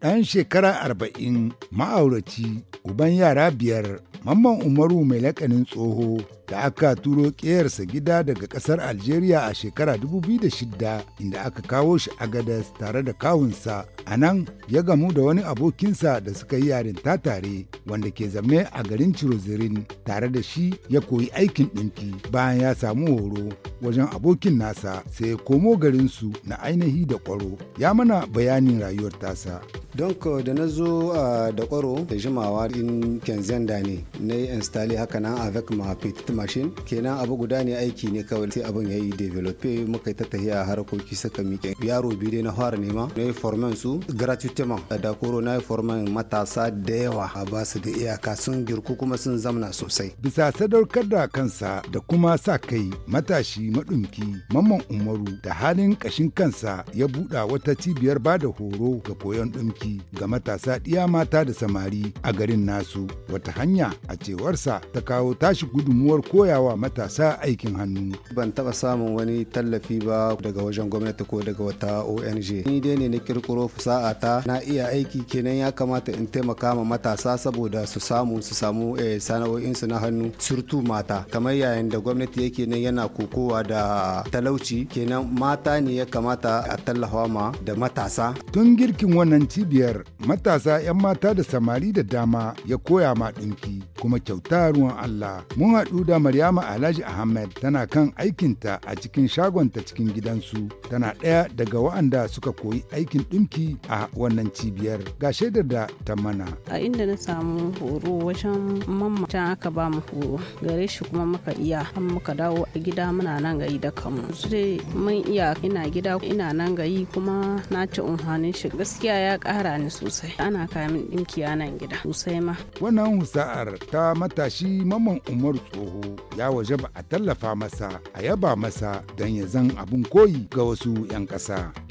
ɗan shekara arba'in ma'aurati, uban yara biyar mamman umaru mai laƙanin tsoho da aka turo ƙeyarsa gida daga ƙasar Algeria a shekara 2006 inda aka kawo shi a gadas tare da kawunsa. A nan ya gamu da wani abokinsa da suka yi yarinta tare wanda ke zaune a garin Cirozirin tare da shi ya koyi aikin ɗinki bayan ya samu horo wajen abokin nasa sai ya komo garinsu na ainihi da kwaro ya mana bayanin rayuwar tasa. don da na zo da kwaro da jimawa in kenzenda ne na yi installe haka nan avec ma mashin kenan abu guda ne aiki ne kawai sai abin ya yi develope muka yi ta tahiya harkoki suka miƙe yaro biyu dai na fara nema na yi forman su gratuitement a dakoro na yi forman matasa da yawa a ba su da iyaka sun girku kuma sun zamna sosai. bisa sadaukar da kansa da kuma sa kai matashi maɗumki mamman umaru da halin ƙashin kansa ya buɗa wata cibiyar ba da horo ga koyon ɗumki ga matasa ɗiya mata da samari a garin nasu wata hanya a cewarsa ta kawo tashi gudunmuwar koya wa matasa aikin hannu. Ban taɓa samun wani tallafi ba daga wajen gwamnati ko daga wata ONG. Ni dai ne na kirkiro fasa'a ta na iya aiki kenan ya kamata in taimaka ma matasa saboda su samu su samu eh, sana'o'insu na hannu surtu mata. Kamar yayin da gwamnati yake nan yana kokowa da talauci kenan mata ne ya kamata a tallafa ma da matasa. Tun girkin wannan cibiyar matasa 'yan mata da samari da dama ya koya ma ɗinki kuma kyauta ruwan Allah. Mun haɗu da Maryama Alhaji Ahmed tana kan aikinta a cikin shagonta cikin gidansu tana ɗaya daga wa'anda suka koyi aikin ɗinki a wannan cibiyar ga shaidar da ta mana. A inda na samu horo wajen mamma can aka ba mu horo gare shi kuma muka iya an muka dawo a gida muna nan gayi da kanmu. Su dai mun iya ina gida ina nan gayi kuma na ci umhanin shi gaskiya ya ƙara ni sosai ana kamin ɗinki a nan gida sosai ma. Wannan husa'ar ta matashi mamman Umaru Tsoho abu ya waje ba a tallafa masa a yaba masa don ya zan abun koyi ga wasu 'yan ƙasa.